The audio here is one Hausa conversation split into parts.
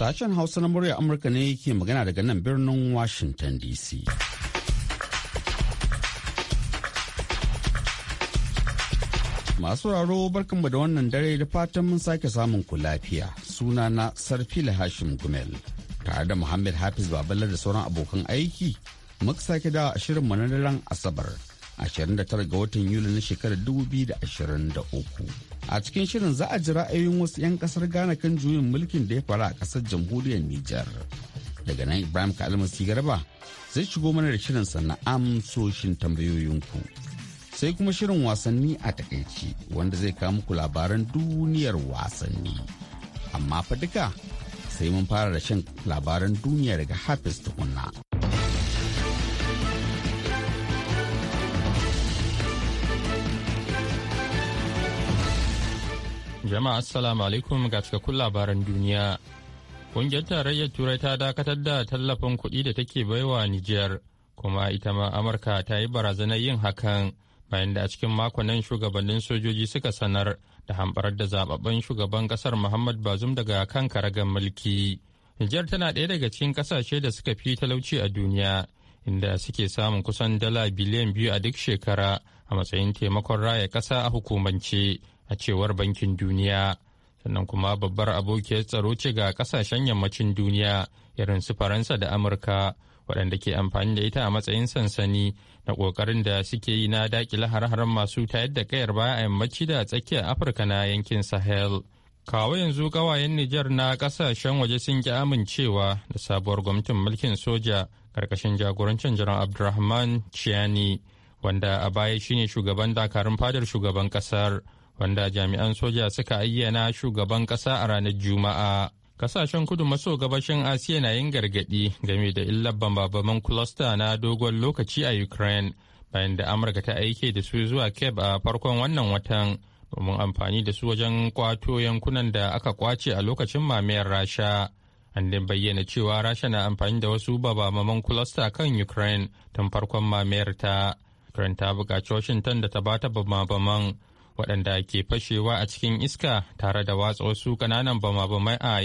Sashen Hausa na murya Amurka ne ke magana daga nan birnin Washington DC. Masu raro barkanmu da wannan dare da fatan mun sake samun ku lafiya. Suna na Sarfila Hashim Gumel. Tare da Muhammad Hafiz Babalar da sauran abokan aiki, muka sake da shirin na daren Asabar, 29 ga watan Yuli na shekarar 2023. a cikin shirin za a ji ra'ayoyin wasu 'yan kasar ghana kan juyin mulkin da ya faru a kasar jamhuriyar nijar daga nan ibrahim kalmasi garba zai shigo mana da shirin sannan amsoshin tambayoyinku sai kuma shirin wasanni a takaici wanda zai kawo muku labaran duniyar wasanni amma fa duka sai mun fara da shan labaran duniya daga hafiz tukunna Jama'a Assalamu alaikum ga cikakkun labaran duniya. ƙungiyar tarayyar Turai ta dakatar da tallafin kuɗi da take baiwa Nijar, kuma ita ma Amurka ta yi barazanar yin hakan bayan da a cikin makonnan shugabannin sojoji suka sanar da hamɓarar da zababben shugaban ƙasar Muhammad Bazum daga kan karagar mulki. Nijar tana ɗaya daga cikin ƙasashe da suka fi talauci a duniya, inda suke samun kusan dala biliyan biyu a duk shekara a matsayin taimakon raya ƙasa a hukumance a cewar bankin duniya sannan kuma babbar abokiyar tsaro ce ga kasashen yammacin duniya irin su faransa da amurka waɗanda ke amfani da ita a matsayin sansani na ƙoƙarin da suke yi na daƙile har-haren masu ta yadda kayar baya a yammaci da tsakiyar afirka na yankin sahel kawo yanzu ƙawayen nijar na ƙasashen waje sun ki amincewa da sabuwar gwamnatin mulkin soja karkashin jagorancin jiran abdulrahman chiani wanda a baya shine shugaban dakarun fadar shugaban ƙasar wanda jami'an soja suka ayyana shugaban ƙasa a ranar Juma'a. Kasashen kudu maso gabashin Asiya na yin gargaɗi game da illar bambabaman kulosta na dogon lokaci a Ukraine bayan da Amurka ta aike da su zuwa keb a farkon wannan watan domin amfani da su wajen kwato yankunan da aka kwace a lokacin mamayar Rasha. an din bayyana cewa rasha na amfani da wasu babamaman kulasta kan ukraine tun farkon mamayar ta ukraine ta buƙaci washington da ta bata bababaman. waɗanda ke fashewa a cikin iska tare da watsa wasu ƙananan bama-bamai a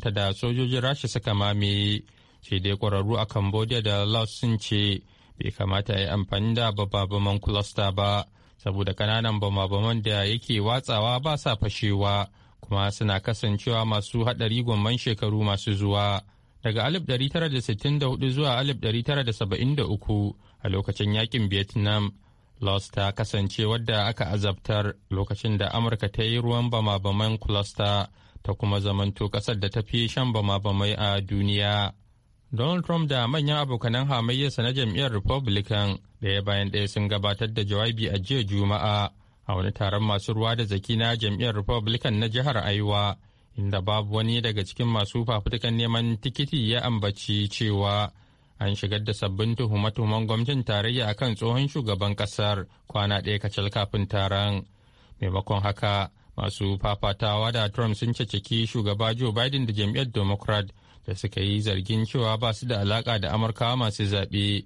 ta da sojojin rasha suka mamaye sai dai ƙwararru a cambodia da laos sun ce bai kamata ya yi amfani da bama-baman cluster ba saboda ƙananan bama-baman da yake watsawa ba sa fashewa kuma suna kasancewa masu haɗari gwamman shekaru masu zuwa daga 1964 zuwa 1973 a lokacin yakin vietnam Cluster kasance wadda aka azabtar lokacin da Amurka ta yi ruwan bama-baman Cluster ta kuma zamanto ƙasar da ta fi shan bama-bamai a duniya. Donald Trump da manyan abokanan hamayyarsa na jam'iyyar Republican ɗaya bayan ɗaya sun gabatar da jawabi a jiya Juma'a a wani taron masu ruwa da zaki na jam'iyyar Republican na jihar Aiwa, inda babu wani daga cikin masu fafutukan neman tikiti ya ambaci cewa an shigar da sabbin tuhume-tuhumen gwamnatin tarayya akan tsohon shugaban kasar kwana ɗaya kacal kafin taron maimakon haka masu fafatawa da trump sun caceki shugaba joe biden da jam'iyyar democrat da suka yi zargin cewa ba su da alaka da amurkawa masu zaɓe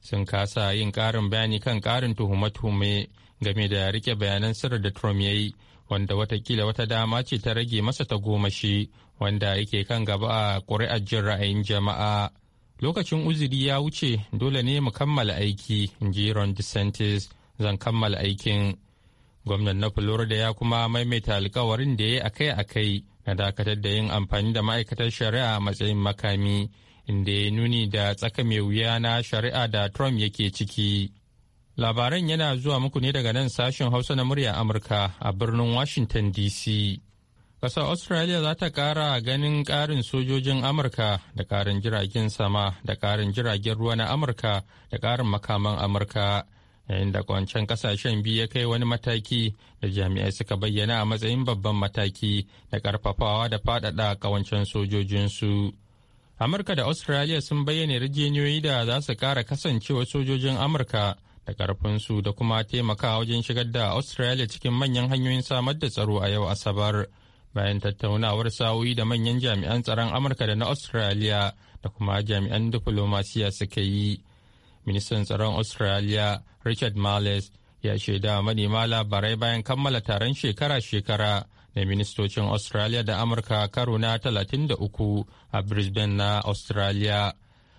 sun kasa yin ƙarin bayani kan ƙarin tuhume-tuhume game da rike bayanan sirri da trump ya yi wanda watakila wata dama ce ta rage masa ta tagomashi wanda yake kan gaba a ƙuri'ar jin ra'ayin jama'a. lokacin uzuri ya wuce dole ne mu kammala aiki ji ron desantis zan kammala aikin gwamnan na florida ya kuma maimaita alkawarin da ya akai akai na dakatar da yin amfani da ma'aikatar shari'a a matsayin makami inda ya nuni da tsaka mai wuya na shari'a da trump yake ciki labaran yana zuwa muku ne daga nan sashen hausa na murya amurka a birnin washington dc Ƙasar Australia za ta ƙara ganin ƙarin sojojin Amurka da karin jiragen sama da karin jiragen ruwa na Amurka da ƙarin makaman Amurka. Yayin da kwancen ƙasashen biyu ya kai wani mataki da jami'ai suka bayyana a matsayin babban mataki da ƙarfafawa da faɗaɗa ƙawancen sojojinsu. Amurka da Australia sun bayyana rijiyoyi da za su ƙara kasancewa sojojin Amurka da ƙarfinsu da kuma taimaka wajen shigar da Australia cikin manyan hanyoyin samar da tsaro a yau Asabar. bayan tattaunawar sa'o'i da manyan jami'an tsaron amurka da na australia da kuma jami'an diflomasiya suka yi ministan tsaron australia richard marles ya shaida manema labarai bayan kammala taron shekara-shekara na ministocin australia da amurka karo na 33 a brisbane na australia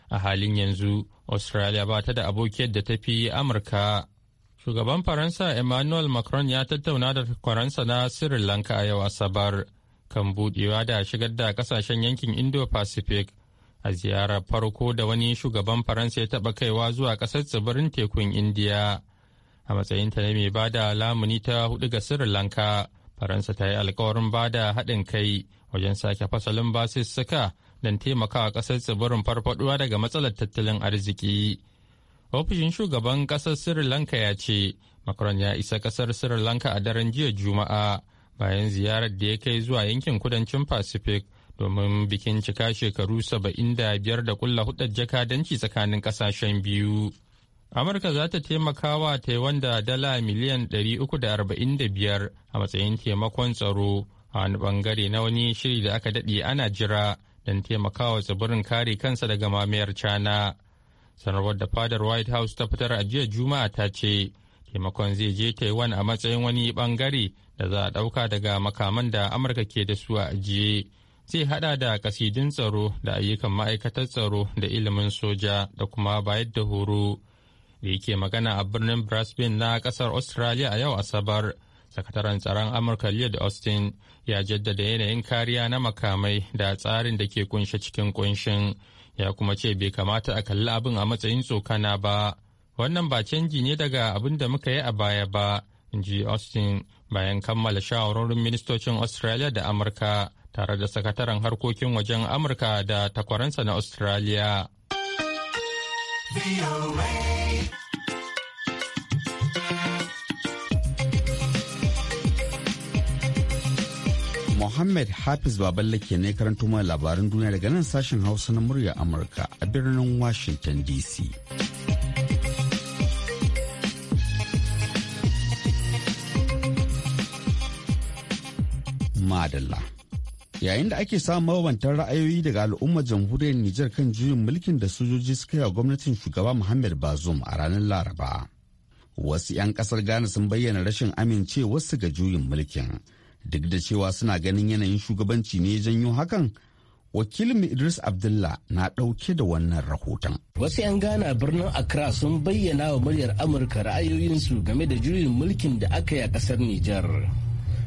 a halin yanzu australia ba ta da abokiyar da tafi amurka Shugaban Faransa Emmanuel Macron ya tattauna da faransa na Sri Lanka a yau Asabar kan budewa da shigar da kasashen yankin Indo-Pacific a ziyarar farko da wani shugaban Faransa ya taɓa kaiwa zuwa ƙasar tsibirin tekun Indiya. A matsayinta ne mai ba da lamuni ta hudu ga Sri Lanka, Faransa ta yi alkawarin ba da haɗin kai wajen sake fasalin basussuka don taimakawa ƙasar tsibirin farfaɗuwa daga matsalar tattalin arziki. ofishin shugaban kasar sri lanka ya ce macron ya isa kasar sri lanka a daren jiya juma'a bayan ziyarar da ya kai zuwa yankin kudancin pacific domin bikin cika shekaru saba'in da kulla hudar jakadanci tsakanin kasashen biyu amurka za ta taimaka wa taiwan da dala miliyan 345 a matsayin taimakon tsaro a wani bangare na wani shiri da aka daɗe ana jira don taimakawa tsibirin kare kansa daga mamayar cana sanarwar da fadar white house ta fitar a jiya juma'a ta ce taimakon zai je taiwan a matsayin wani bangare da za a ɗauka daga makaman da amurka ke da su a ajiye zai hada da kasidin tsaro da ayyukan ma'aikatar tsaro da ilimin soja da kuma bayar da horo da yake magana a birnin brisbane na kasar australia a yau asabar sakataren tsaron amurka lloyd austin ya jaddada yanayin kariya na makamai da tsarin da ke kunshe cikin kunshin ya kuma ce bai kamata a kalli abin a matsayin tsokana ba wannan ba canji ne daga abin da muka yi a baya ba in ji austin bayan kammala shawarorin ministocin australia da amurka tare da sakataren harkokin wajen amurka da takwaransa na australia Muhammad Hafiz Baballe ke ne karanto mana labaran duniya daga nan sashen Hausa na murya Amurka a birnin Washington DC. Madalla. Yayin da ake samun mabantar ra'ayoyi daga al'ummar jamhuriyar Nijar kan juyin mulkin da sojoji suka yi wa gwamnatin shugaba Muhammad Bazoum a ranar Laraba. Wasu 'yan kasar Ghana sun bayyana rashin amincewarsu ga juyin mulkin. duk da cewa suna ganin yanayin shugabanci ne janyo hakan wakilin idris abdullah na ɗauke da wannan rahoton wasu 'yan ghana birnin accra sun bayyana wa muryar amurka ra'ayoyinsu game da juyin mulkin da aka yi a ƙasar nijar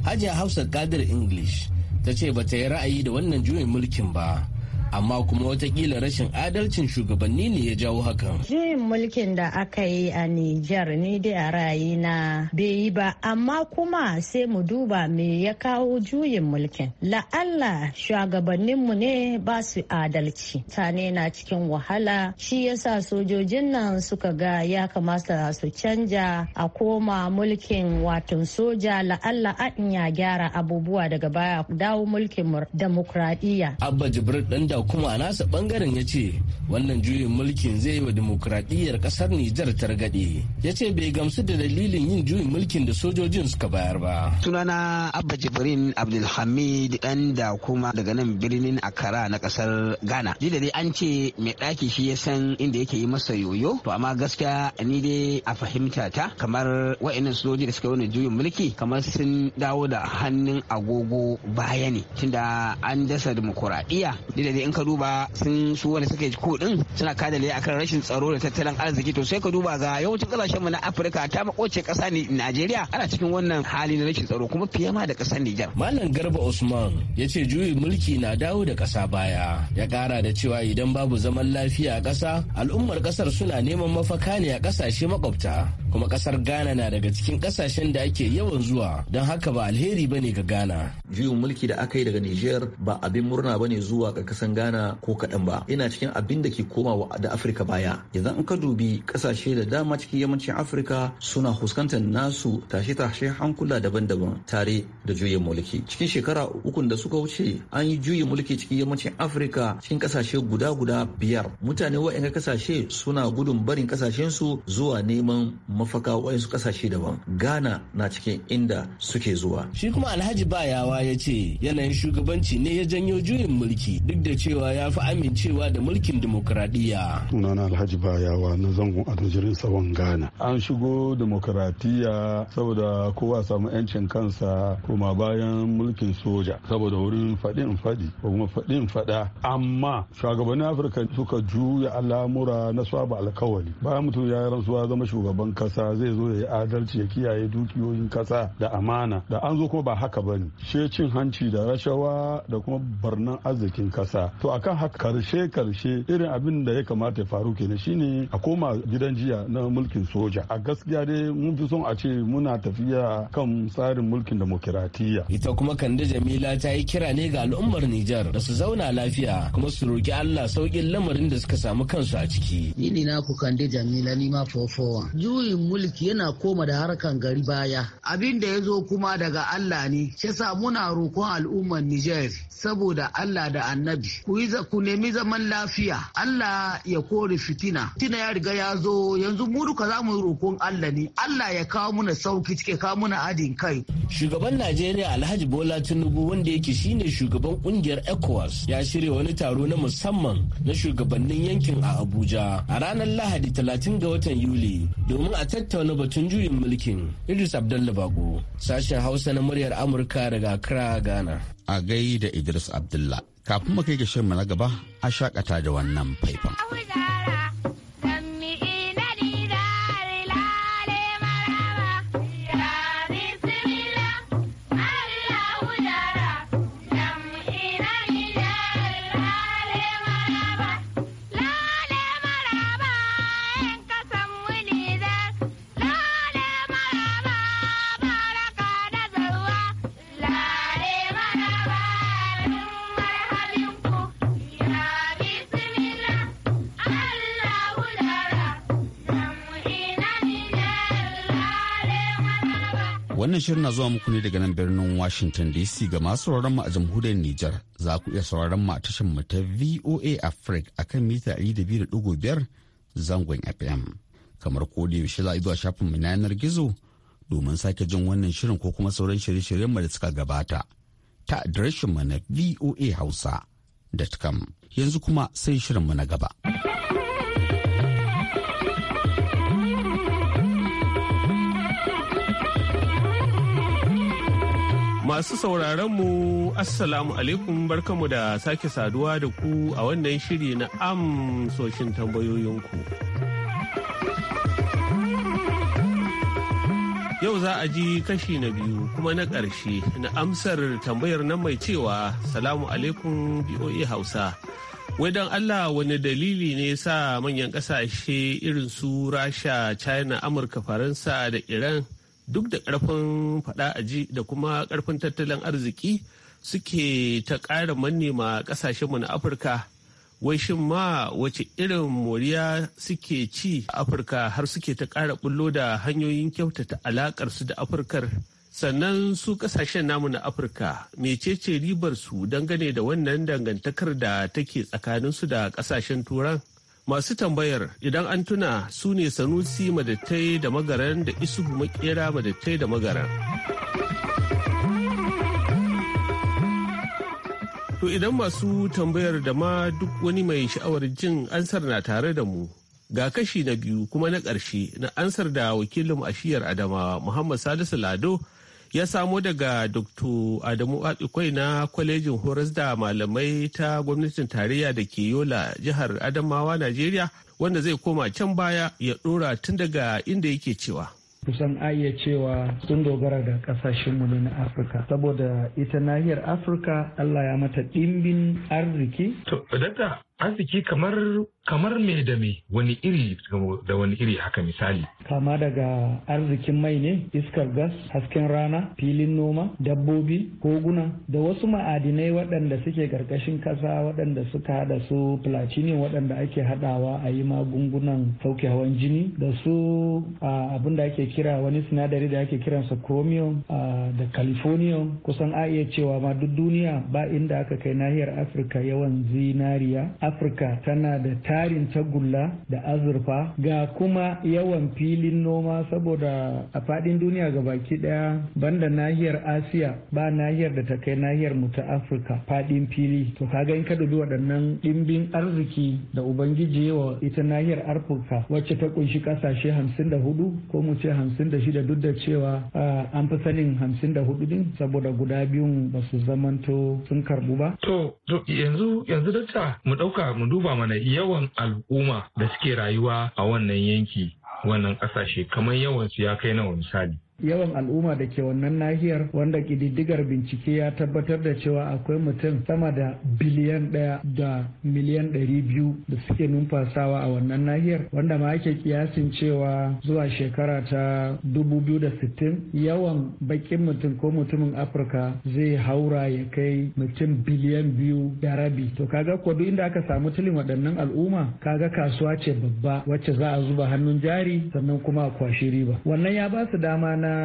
hajiya hausa kadir english ta ce bata yi ra'ayi da wannan juyin mulkin ba amma kuma watakila rashin adalcin shugabanni ne ya jawo hakan. Juyin mulkin da aka yi a Nijar ni dai a rayi na bai yi ba amma kuma sai mu duba me ya kawo juyin mulkin. La'alla shugabanninmu ne ba su adalci. Tane na cikin wahala shi yasa sojojin nan suka ga ya kamata su canja a koma mulkin watan soja la'alla a ya gyara abubuwa daga baya dawo mulkin demokradiyya. Abba Jibril ɗan kuma a nasa bangaren ya ce wannan juyin mulkin zai yi wa dimokuraɗiyyar ƙasar Nijar targaɗe. Ya ce bai gamsu da dalilin yin juyin mulkin da sojojin suka bayar ba. Sunana Abba Jibrin Abdulhamid ɗan da kuma daga nan birnin Akara na ƙasar Ghana. Dida dai an ce mai ɗaki shi ya san inda yake yi masa yoyo to amma gaskiya ni dai a fahimta ta kamar wa'annan sojoji da suka yi wani juyin mulki kamar sun dawo da hannun agogo baya ne tunda an dasa dimokuraɗiyya. Dida dai in ka duba sun su wani suke suna din suna a akan rashin tsaro da tattalin arziki to sai ka duba ga yawancin kasashen mu na Afirka ta makoce kasa ne Najeriya ana cikin wannan hali na rashin tsaro kuma fiye ma da kasar Nijar. mallam Garba Usman ya ce juyin mulki na dawo da kasa baya ya kara da cewa idan babu zaman lafiya a kasa al'ummar kasar suna neman mafaka ne a kasashe makwabta kuma kasar Ghana na daga cikin kasashen da ake yawan zuwa don haka ba alheri bane ga Ghana. Juyin mulki da aka yi daga Nijar ba abin murna bane zuwa ga kasar gudana ko kaɗan ba ina cikin abin da ke komawa da afirka baya yanzu an ka dubi ƙasashe da dama cikin yammacin afirka suna fuskantar nasu tashe-tashe hankula daban-daban tare da juyin mulki cikin shekara ukun da suka wuce an yi juyin mulki cikin yammacin afirka cikin ƙasashe guda-guda biyar mutane wa'yan ƙasashe suna gudun barin ƙasashensu zuwa neman mafaka wa'yansu ƙasashe daban ghana na cikin inda suke zuwa shi kuma alhaji bayawa ya ce yanayin shugabanci ne ya janyo juyin mulki duk da cewa cewa ya fi amincewa da mulkin dimokuraɗiyya. sunana alhaji bayawa na zangon adojirin tsawon ghana an shigo dimokuraɗiyya saboda kowa samu yancin kansa kuma bayan mulkin soja saboda wurin faɗin faɗi ko kuma faɗin faɗa amma shugabannin afirka suka juya al'amura na saba alkawali bayan mutum ya yi rantsuwa zama shugaban kasa zai zo ya yi adalci ya kiyaye dukiyoyin kasa da amana da an zo ko ba haka bane sai cin hanci da rashawa da kuma barnan arzikin kasa To a kan haka karshe karshe irin abin da ya kamata ya faru kenan shine a koma gidan jiya na mulkin soja a gaskiya dai mun fi son a ce muna tafiya kan tsarin mulkin demokratiya ita kuma kande jamila ta yi kira ne ga al'ummar Nijar da su zauna lafiya kuma su roki Allah saukin lamarin da suka samu kansu a ciki ni ne na ku kande jamila ni ma fofowa juyin mulki yana koma da harkan gari baya abin da ya zo kuma daga Allah ne shi muna roƙon al'ummar Nijar saboda Allah da annabi ku nemi zaman lafiya Allah ya kore fitina fitina ya riga ya zo yanzu mu duka za mu roƙon Allah ne Allah ya kawo muna sauki cike kawo muna adin kai shugaban Najeriya Alhaji Bola Tinubu wanda yake shine shugaban kungiyar ECOWAS ya shirya wani taro na musamman na shugabannin yankin a Abuja a ranar Lahadi 30 ga watan Yuli domin a tattauna batun juyin mulkin Idris Abdullahi Bago sashen Hausa na muryar Amurka daga Accra Ghana a gai da Idris Abdullah. Kafin mu kai ga shirin na gaba a shakata da wannan faifan. wannan shirin na zuwa muku ne daga nan birnin Washington DC ga masu sauraron mu a jamhuriyar Nijar. Za ku iya sauraron mu a tashar mu ta VOA Africa akan mita 200.5 zangon FM. Kamar ko da yaushe za a zuwa shafin mu na yanar gizo domin sake jin wannan shirin ko kuma sauran shirye-shiryen mu da suka gabata. Ta adireshin mu na voahausa.com. Yanzu kuma sai shirin mu na gaba. Masu sauraron mu Assalamu alaikum barkamu da sake saduwa da ku a wannan shiri na amsoshin tambayoyinku. Yau za a ji kashi na biyu kuma na ƙarshe na amsar tambayar nan mai cewa Salamu alaikum BOA Hausa. Wai don Allah wani dalili ne sa manyan ƙasashe irin su Rasha, China, Amurka, Faransa da Iran duk da karfin fada ji da kuma karfin tattalin arziki suke ta ƙara ma ƙasashenmu na afirka wai shin ma wace irin moriya suke ci a afirka har suke ta ƙara bullo da hanyoyin kyautata alaƙar su da afirkar sannan su ƙasashen namu na afirka mecece ribar su dangane da wannan dangantakar da take tsakaninsu da ƙasashen turan Masu tambayar idan an tuna su ne Sanusi madattai da magaran da Isuhu makera madattai da magaran. To idan masu tambayar da ma duk wani mai sha'awar jin ansar na tare da mu ga kashi na biyu kuma na ƙarshe na ansar da wakilin ashiyar Adamawa Muhammad Salisu Lado ya samo daga Dr. Adamu Abikwai na kwalejin horas da malamai ta gwamnatin tarayya da ke Yola jihar Adamawa Najeriya wanda zai koma can baya ya ɗora tun daga inda yake cewa. kusan ayyacewa cewa sun dogara da kasashenmu ne na afirka saboda ita nahiyar afirka allah ya mata ɗimbin arziki to daga arziki kamar kamar me da me wani iri da wani iri haka misali kama daga arzikin mai ne iskar gas hasken rana filin noma dabbobi koguna da wasu ma'adinai waɗanda suke ƙarƙashin ƙasa waɗanda suka haɗa su platinum waɗanda ake haɗawa a yi magungunan sauke hawan jini da su abin da ake kira wani sinadari da ake kiran kiransa chromium da californium kusan a iya cewa ma duk duniya ba inda aka kai nahiyar afirka yawan zinariya afirka tana da tarin tagulla da azurfa ga kuma yawan filin noma saboda a fadin duniya ga baki ɗaya banda nahiyar asiya ba nahiyar da ta kai nahiyar mu ta afirka fadin fili to kaga in ka dubi waɗannan ɗimbin arziki da ubangiji wa ita nahiyar afirka wacce ta kunshi kasashe hamsin da hudu ko mu ce hamsin duk da cewa an fi sanin hamsin da din saboda guda biyun ba su zamanto sun karbu ba. to yanzu yanzu dakta mu ɗauka duka mu duba mana yawan al'umma da suke rayuwa a wannan yanki wannan kasashe kamar yawan su ya kai nawa misali yawan al'umma da ke wannan nahiyar wanda kididdigar bincike ya tabbatar da cewa akwai mutum sama da biliyan ɗaya da miliyan ɗari biyu da suke numfasawa a wannan nahiyar wanda ma ake kiyasin cewa zuwa shekara ta dubu biyu da sittin yawan baƙin mutum ko mutumin afirka zai haura ya kai mutum biliyan biyu da rabi to kaga ko duk inda aka samu tilin waɗannan al'umma kaga kasuwa ce babba wacce za a zuba hannun jari sannan kuma a kwashi riba wannan ya ba su dama na na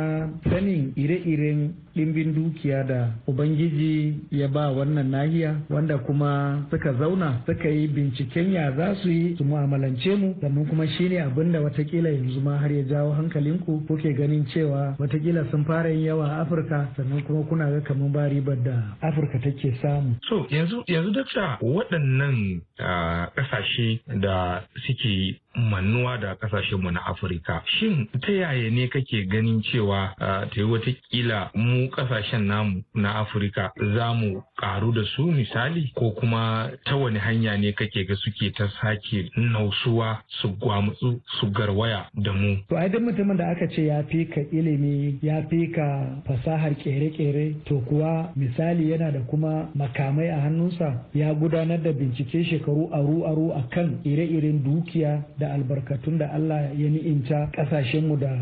sanin ire-iren ɗimbin dukiya da ubangiji ya ba wannan nahiya wanda kuma suka zauna suka yi binciken ya za su yi su mu'amalance mu sannan kuma shine abin da watakila yanzu ma har ya jawo hankalinku kuke ganin cewa watakila sun fara yin yawa a afirka sannan kuma kuna ga kamar ba ribar da afirka take samu so yanzu yanzu dakta waɗannan ƙasashe da suke mannuwa da ƙasashen mu na afirka shin ta yaya ne kake ganin cewa ta yi watakila mu mu kasashen namu na afirka za mu karu da su misali ko kuma ta wani hanya ne kake ga suke ta sake nausuwa su gwamutsu su garwaya da mu to ai duk mutumin da aka ce ya fi ka ilimi ya fi ka fasahar kere-kere to kuwa misali yana da kuma makamai a hannunsa ya gudanar da bincike shekaru aru-aru a kan ire-iren dukiya da albarkatun da Allah ya ni'inta kasashenmu da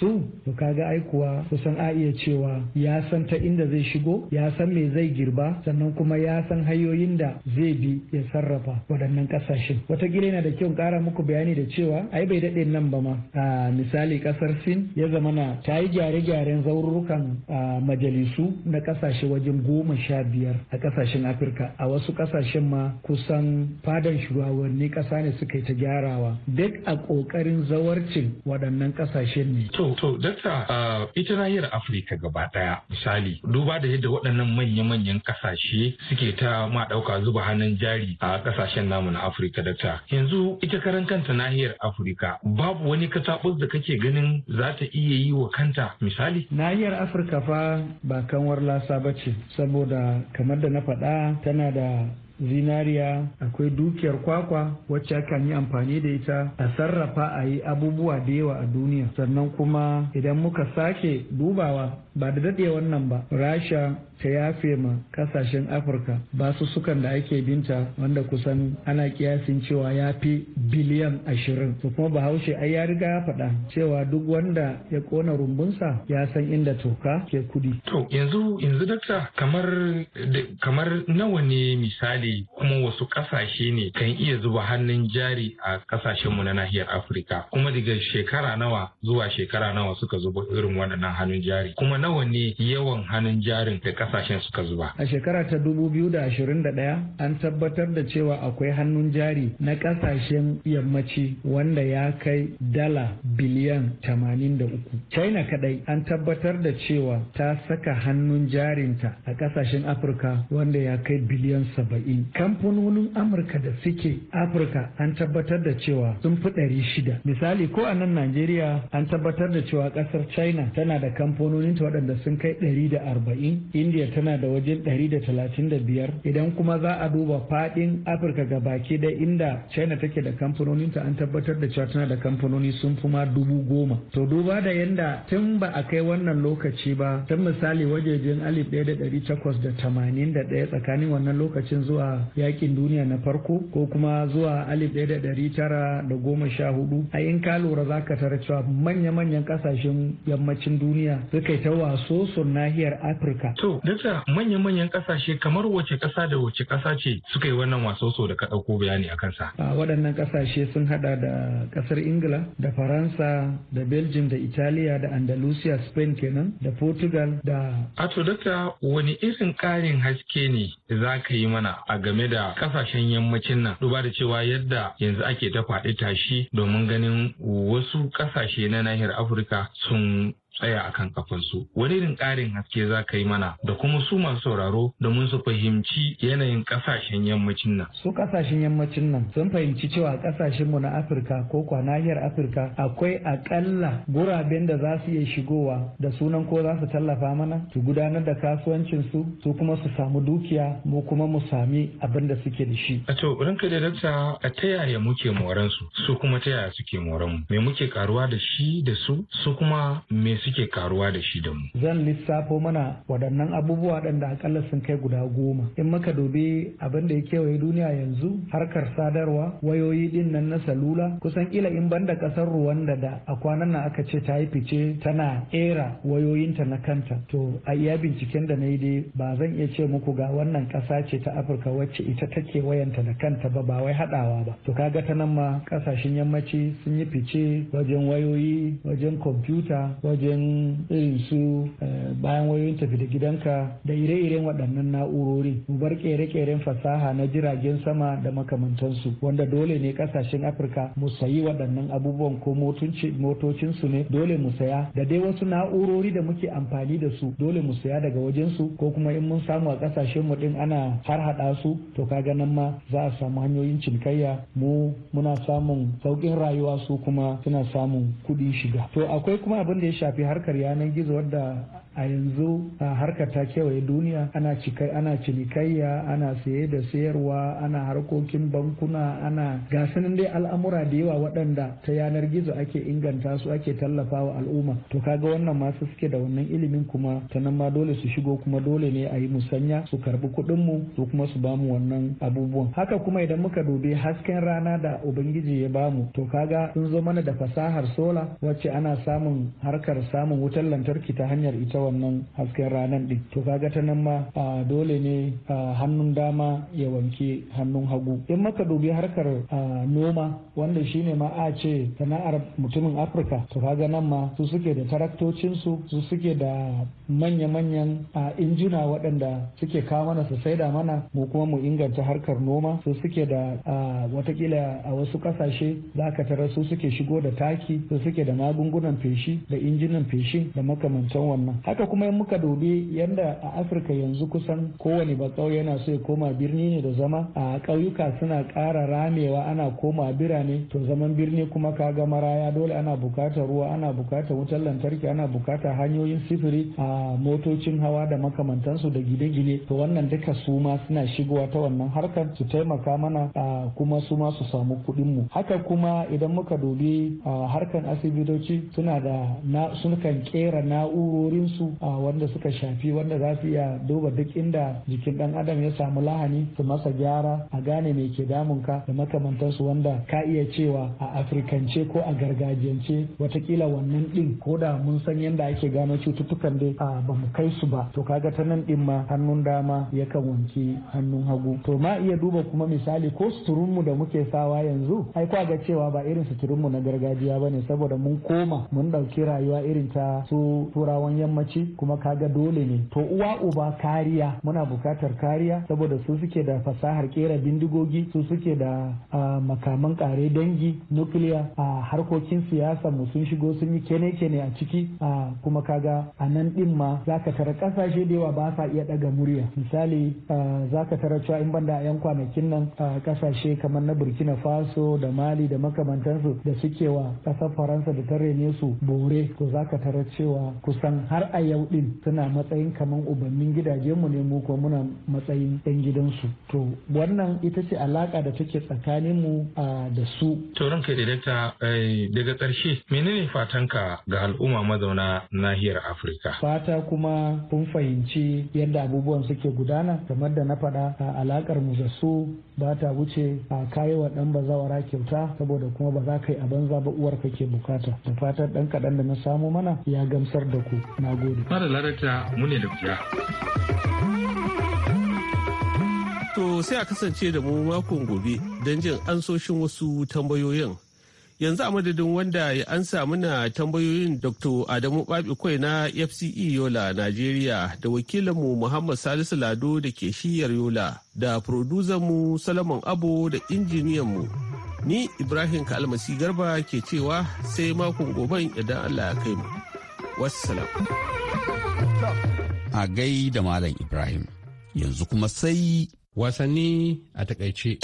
su to kaga aikuwa kuwa kusan a iya cewa ya ya san ta inda zai shigo ya san me zai girba sannan kuma ya san hanyoyin da zai bi ya sarrafa waɗannan ƙasashen Wata watakila yana da kyau ƙara muku bayani da cewa ai bai daɗe nan ba ma a misali ƙasar sin ya zama na ta yi gyare-gyaren zaurukan majalisu na ƙasashe wajen goma sha biyar a ƙasashen afirka a wasu ƙasashen ma kusan fadan shugabanni ƙasa ne suka yi ta gyarawa duk a ƙoƙarin zawarcin waɗannan ƙasashen ne. to to dakta ita nahiyar afirka gaba ɗaya misali duba da yadda waɗannan manya-manyan ƙasashe suke ta ma ɗauka zuba hannun jari a ƙasashen namu na Afirka da ta, Yanzu ita karan kanta nahiyar Afirka babu wani kataɓus da kake ganin za ta iya yi wa kanta misali. Nahiyar Afirka fa ba kanwar lasa ba ce saboda kamar da na faɗa tana da zinariya akwai dukiyar kwakwa wacce akan yi amfani da ita a sarrafa a yi abubuwa da yawa a duniya sannan kuma idan muka sake dubawa ba da daɗe wannan ba rasha ta yafe ma kasashen afirka basu sukan da ake binta wanda kusan ana kiyasin cewa ya fi biliyan ashirin su kuma bahaushe ai ya riga ya faɗa cewa duk wanda ya kona rumbunsa ya san inda toka ke kudi to yanzu yanzu dakta kamar nawa ne misali misali kuma wasu kasashe ne kan iya zuba hannun jari a kasashenmu na nahiyar afirka kuma daga shekara nawa zuwa shekara nawa suka zuba irin waɗannan hannun jari kuma nawa ne yawan hannun jarin da kasashen suka zuba a shekara ta ɗaya an tabbatar da cewa akwai hannun jari na kasashen yammaci wanda ya kai dala biliyan uku. china kadai an tabbatar da cewa ta saka hannun jarinta a kasashen afirka wanda ya kai biliyan saba'in. kamfanonin amurka da suke afirka an tabbatar da cewa sun fi ɗari shida misali ko a nan najeriya an tabbatar da cewa ƙasar china tana da kamfanonin ta waɗanda sun kai ɗari da arba'in india tana da wajen ɗari da talatin da biyar idan kuma za a duba faɗin afirka ga baki dai inda china take da kamfanonin ta an tabbatar da cewa tana da kamfanoni sun fi ma dubu goma to duba da yanda tun ba a kai wannan lokaci ba ta misali wajejen alif ɗaya da ɗari takwas da tamanin da ɗaya tsakanin wannan lokacin zuwa zuwa yakin duniya na farko ko kuma zuwa alif ɗaya da ɗari tara da goma sha hudu a in ka lura za ka tara cewa manya-manyan ƙasashen yammacin duniya suka ta waso sun nahiyar afirka. to dakta manya-manyan ƙasashe kamar wace kasa da wace ƙasa ce suka yi wannan waso so da ka bayani a kansa. a waɗannan ƙasashe sun haɗa da ƙasar ingila da faransa da belgium da italiya da andalusia spain kenan da portugal da. a to dakta wani irin ƙarin haske ne za ka yi mana a game da kasashen yammacin nan duba da cewa yadda yanzu ake ta faɗi tashi domin ganin wasu kasashe na nahiyar afirka sun tsaya a kan kafansu wani irin ƙarin haske za ka yi mana da kuma su masu sauraro mun su fahimci yanayin ƙasashen yammacin nan su ƙasashen yammacin nan sun fahimci cewa ƙasashen mu na afirka ko kwa nahiyar afirka akwai aƙalla guraben da za su iya shigowa da sunan ko za su tallafa mana su gudanar da kasuwancin su su kuma su samu dukiya mu kuma mu sami abin da suke da shi a to ranka da a ta yaya muke moran su su kuma ta yaya suke moran mu me muke karuwa da shi da su su kuma me suke karuwa da shi da mu. Zan lissafo mana waɗannan abubuwa ɗan da akalla sun kai guda goma. In muka dubi abin da ya kewaye duniya yanzu harkar sadarwa wayoyi ɗin nan na salula kusan ila in banda ƙasar Ruwanda da a kwanan nan aka ce ta yi fice tana era wayoyinta na kanta. To a iya binciken da na yi dai ba zan iya ce muku ga wannan ƙasa ce ta Afirka wacce ita take wayanta da kanta ba ba wai haɗawa ba. To kaga ta nan ma ƙasashen yammaci sun yi fice wajen wayoyi wajen kwamfuta wajen wajen irin su eh, bayan wayoyin tafi da gidanka da ire-iren waɗannan na'urori mu bar ƙere-ƙeren fasaha na jiragen sama da makamantansu wanda dole ne ƙasashen afirka mu sayi waɗannan abubuwan ko motocinsu ne dole mu saya da dai wasu na'urori da muke amfani da su dole mu saya daga wajen su ko kuma in mun samu a ƙasashen mu ɗin ana har haɗa su to ka nan ma za a samu hanyoyin cinikayya mu muna samun sauƙin rayuwa su kuma suna samun kuɗin shiga to akwai kuma abin da ya shafi shafi harkar yanar gizo wadda a yanzu a harkar ta kewaye duniya ana ana cinikayya ana saye da sayarwa ana harkokin bankuna ana gasanin dai al'amura da yawa waɗanda ta yanar gizo ake inganta su ake tallafa wa al'umma to kaga wannan masu suke da wannan ilimin kuma ta nan ma dole su shigo kuma dole ne a yi musanya su karbi kuɗin mu su kuma su bamu wannan abubuwan haka kuma idan muka dubi hasken rana da ubangiji ya bamu to kaga sun zo mana da fasahar sola wacce ana samun harkar samun wutar lantarki ta hanyar ita wannan hasken ranar din to kaga ta nan ma dole ne hannun dama ya wanke hannun hagu in maka dubi harkar noma wanda shine ma a ce sana'ar mutumin afirka to kaga nan ma su suke da taraktocinsu su suke da manya-manyan injina waɗanda suke kawo mana su saida mana mu kuma mu inganta harkar noma su suke da watakila a wasu ƙasashe za ka tarar su suke shigo da taki su suke da magungunan feshi da injinan feshi da makamantan wannan haka kuma in muka dobe yadda a afirka yanzu kusan kowane bakau yana so ya koma birni ne da zama a ƙauyuka suna ƙara ramewa ana koma birane to zaman birni kuma ka ga maraya dole ana bukatar ruwa ana bukatar wutar lantarki ana bukatar hanyoyin sifiri a motocin hawa da makamantansu da gine-gine to wannan duka su ma suna shigowa ta wannan harkar su taimaka mana kuma su ma su samu kuɗin mu haka kuma idan muka dobe harkar asibitoci suna da sukan kera na'urorinsu su wanda suka shafi wanda za su iya duba duk inda jikin dan adam ya samu lahani su masa gyara a gane me ke damun ka da makamantansu wanda ka iya cewa a afirkance ko a gargajiyance watakila wannan din ko da mun san yadda ake gano cututtukan dai a ba mu kai su ba to ka ga ta nan din ma hannun dama yakan wanke hannun hagu to ma iya duba kuma misali ko suturunmu da muke sawa yanzu ai kwa ga cewa ba irin suturunmu na gargajiya bane saboda mun koma mun dauki rayuwa irin ta su turawan yammaci ce kuma kaga dole ne to uwa uba kariya muna bukatar kariya saboda su suke da fasahar kera bindigogi su suke da makaman kare dangi nukiliya a harkokin siyasa mu sun shigo sun yi kene-kene a ciki kuma kaga a nan din ma zaka tara kasashe da yawa ba sa iya daga murya misali zaka tara cewa in banda yan kwanakin nan kasashe kamar na burkina faso da mali da makamantansu da suke wa kasar faransa da ta rene su bore to zaka tara cewa kusan har a yau din suna matsayin kamar ubannin gidaje mu ne mu ko muna matsayin yan gidansu to wannan ita ce alaka da take tsakaninmu da su to ranka da eh, daga ƙarshe menene fatanka ga al'umma mazauna nahiyar afirka fata kuma kun fahimci yadda abubuwan suke gudana kamar da na faɗa a alakar mu da su ba ta wuce a kayi wa dan bazawara kyauta saboda kuma ba za ka yi a banza ba uwar kake bukata da fatan ɗan kaɗan da na samu mana ya gamsar da ku na gode. Fara larata mu ne da kuya. To sai a kasance da mu makon gobe don jin ansoshin wasu tambayoyin yanzu a madadin wanda ya ansa muna tambayoyin dr adamu babikwai na fce yola nigeria da wakilinmu muhammad salisu lado da ke shiyar yola da mu salaman Abu, da injiniyanmu ni ibrahim kalmasi garba ke cewa sai makon goben idan allah ya kai mu wassalam a gai da malam ibrahim yanzu kuma sai wasanni a takaice.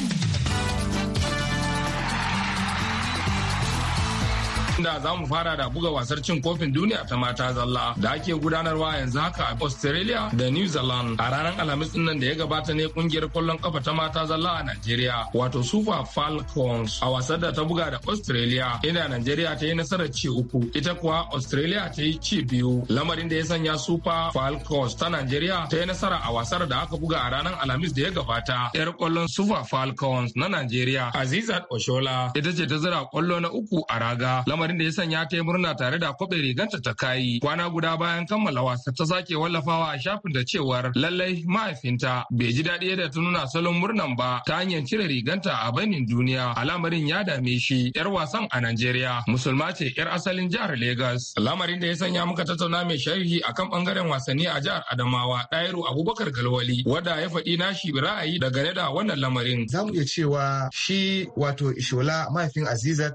da za mu fara da buga wasar cin kofin duniya ta mata zalla da ake gudanarwa yanzu haka a Australia da New Zealand a ranar Alhamis din nan da ya gabata ne kungiyar kwallon kafa ta mata zalla a Najeriya wato Super Falcons a wasar da ta buga da Australia inda Najeriya ta yi nasarar ci uku ita kuwa Australia ta yi ci biyu lamarin da ya sanya Super Falcons ta Najeriya ta yi nasara a wasar da aka buga a ranar Alhamis da ya gabata yar kwallon Super Falcons na Najeriya Azizat Oshola ita ce ta zira kwallo na uku a raga lamarin lamarin da ya sanya ta yi murna tare da kwaɓe riganta ta kayi kwana guda bayan kammala wasa ta sake wallafawa a shafin da cewar lallai mahaifinta bai ji daɗi yadda ta nuna salon murnan ba ta hanyar cire riganta a bainin duniya al'amarin ya dame shi yar wasan a Najeriya musulma ce yar asalin jihar Legas lamarin da ya sanya muka tattauna mai sharhi akan bangaren wasanni a jihar Adamawa Dairu Abubakar Galwali wadda ya faɗi nashi ra'ayi dangane da wannan lamarin zamu iya cewa shi wato Ishola mahaifin Aziza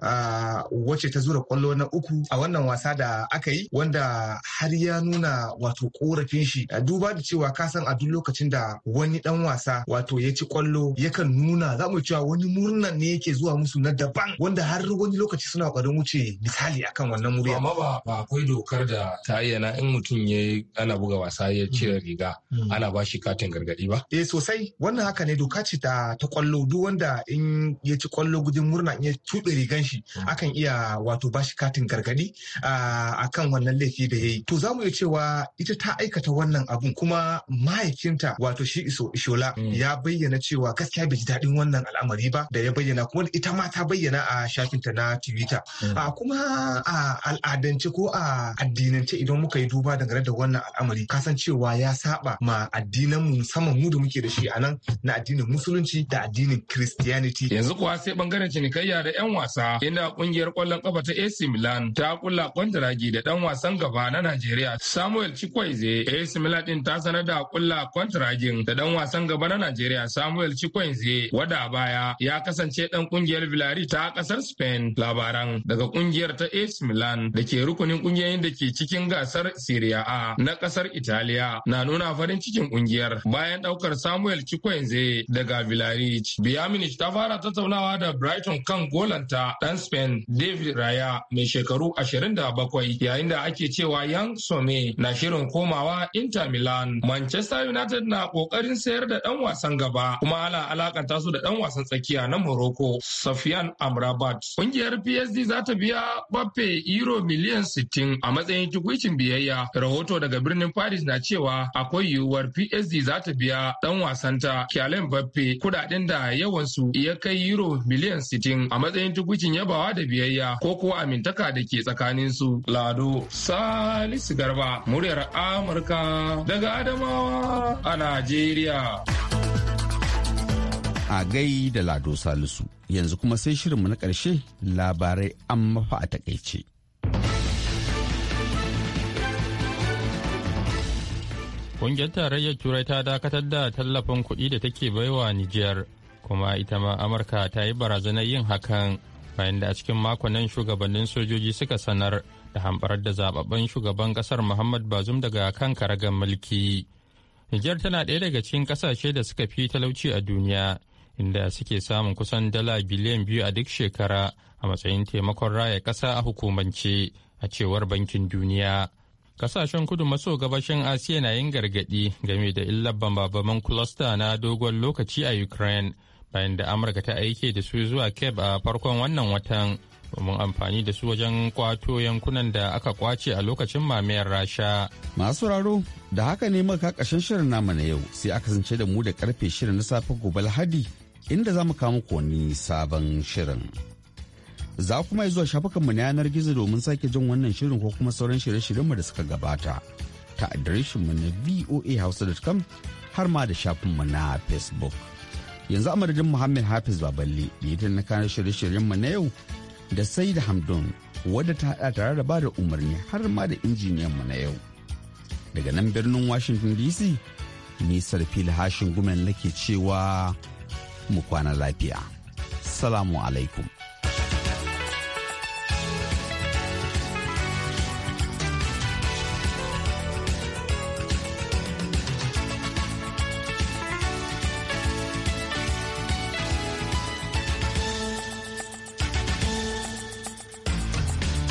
wacce ta zura kwallo na uku a wannan wasa da aka yi wanda har ya nuna wato korafin shi A duba da cewa ka san a duk lokacin da wani dan wasa wato ya ci kwallo yakan nuna za mu cewa wani murnan ne yake zuwa musu na daban wanda har wani lokaci suna kwadon wuce misali akan wannan murya amma ba akwai dokar da ta ayyana in mutum ya ana buga wasa ya cire mm. riga mm. ana ba shi katin gargadi ba eh sosai wannan haka ne doka ce ta ta kwallo duk wanda in ya ci kwallo gudun murna in ya tuɓe rigan shi mm. akan iya wato ba shi katin gargadi a kan wannan laifi da ya yi to za mu iya cewa ita ta aikata wannan abun kuma mahaifinta wato shi iso ishola mm. ya bayyana cewa gaskiya bai ji daɗin wannan al'amari ba da ya bayyana kuma ita ma ta bayyana a shafinta na twitter mm. a kuma a al'adance ko a addinance idan muka yi duba dangane da wannan al'amari Ka san cewa ya saba ma addinan mu musamman mu da muke da shi a nan na addinin musulunci da addinin christianity yanzu kuwa sai bangaren cinikayya da yan wasa inda ƙungiyar kwallon kafa ta AC Milan ta kulla kwantaragi da dan wasan gaba na Najeriya Samuel Chikwueze. AC Milan din ta sanar da kula kwantaragin da dan wasan gaba na Najeriya Samuel Chikwueze wada baya ya kasance dan kungiyar Villarreal ta kasar Spain. Labaran daga kungiyar ta AC Milan da ke rukunin kungiyoyin da ke cikin gasar Serie A na kasar Italiya na nuna farin cikin kungiyar bayan daukar Samuel Chikwueze daga Villarreal. Biyaminich ta fara tattaunawa da Brighton kan golanta dan Spain David Raya mai shekaru 27 yayin da ake cewa yan Some na shirin komawa Inter Milan. Manchester United na kokarin sayar da dan wasan gaba kuma ana alakanta su da dan wasan tsakiya na Morocco Safian Amrabat. Kungiyar PSG za ta biya Bape euro miliyan 60 a matsayin tukwicin biyayya. Rahoto daga birnin Paris na cewa akwai yiwuwar PSG za ta biya dan wasanta kyalen Bape kudaden da yawansu ya kai euro miliyan 60 a matsayin tukwicin yabawa da biyayya ko kuwa amintaka da ke tsakaninsu. Lado Salisu Garba, muryar Amurka daga Adamawa a Najeriya. A gai da Lado Salisu, yanzu kuma sai shirinmu na ƙarshe labarai an mafa a takaice. Ƙungiyar tarayyar Turai ta dakatar da tallafin kuɗi da take baiwa Nijiyar, kuma ita ma Amurka ta yi barazanar yin hakan. bayan da a cikin makon nan shugabannin sojoji suka sanar da hamɓarar da zababben shugaban ƙasar muhammad bazum daga kan karagar mulki nijar tana ɗaya daga cikin ƙasashe da suka fi talauci a duniya inda suke samun kusan dala biliyan biyu a duk shekara a matsayin taimakon raya ƙasa a hukumance a cewar bankin duniya kasashen kudu maso gabashin asiya na yin gargaɗi game da illar bambabaman kulasta na dogon lokaci a ukraine bayan da amurka ta aike da su zuwa cape a farkon wannan watan domin amfani da su wajen kwato yankunan da aka kwace a lokacin mamayar rasha masu raro da haka ne maka kashin shirin nama na yau sai aka zance da mu da karfe shirin na safe gobe lahadi inda za mu kawo muku wani sabon shirin za kuma zuwa shafukanmu na yanar gizo domin sake jin wannan shirin ko kuma sauran shirye-shiryenmu da suka gabata ta adireshinmu na voa hausa.com har ma da shafinmu na facebook yanzu a madadin muhammad hafiz baballe da ya na kanar shirye-shiryen mu na yau da sai da hamdun wadda ta hada tare da bada umarni har ma da injiniyan mu na yau daga nan birnin washington dc ni fili hashin gumen nake cewa mu kwana lafiya salamu alaikum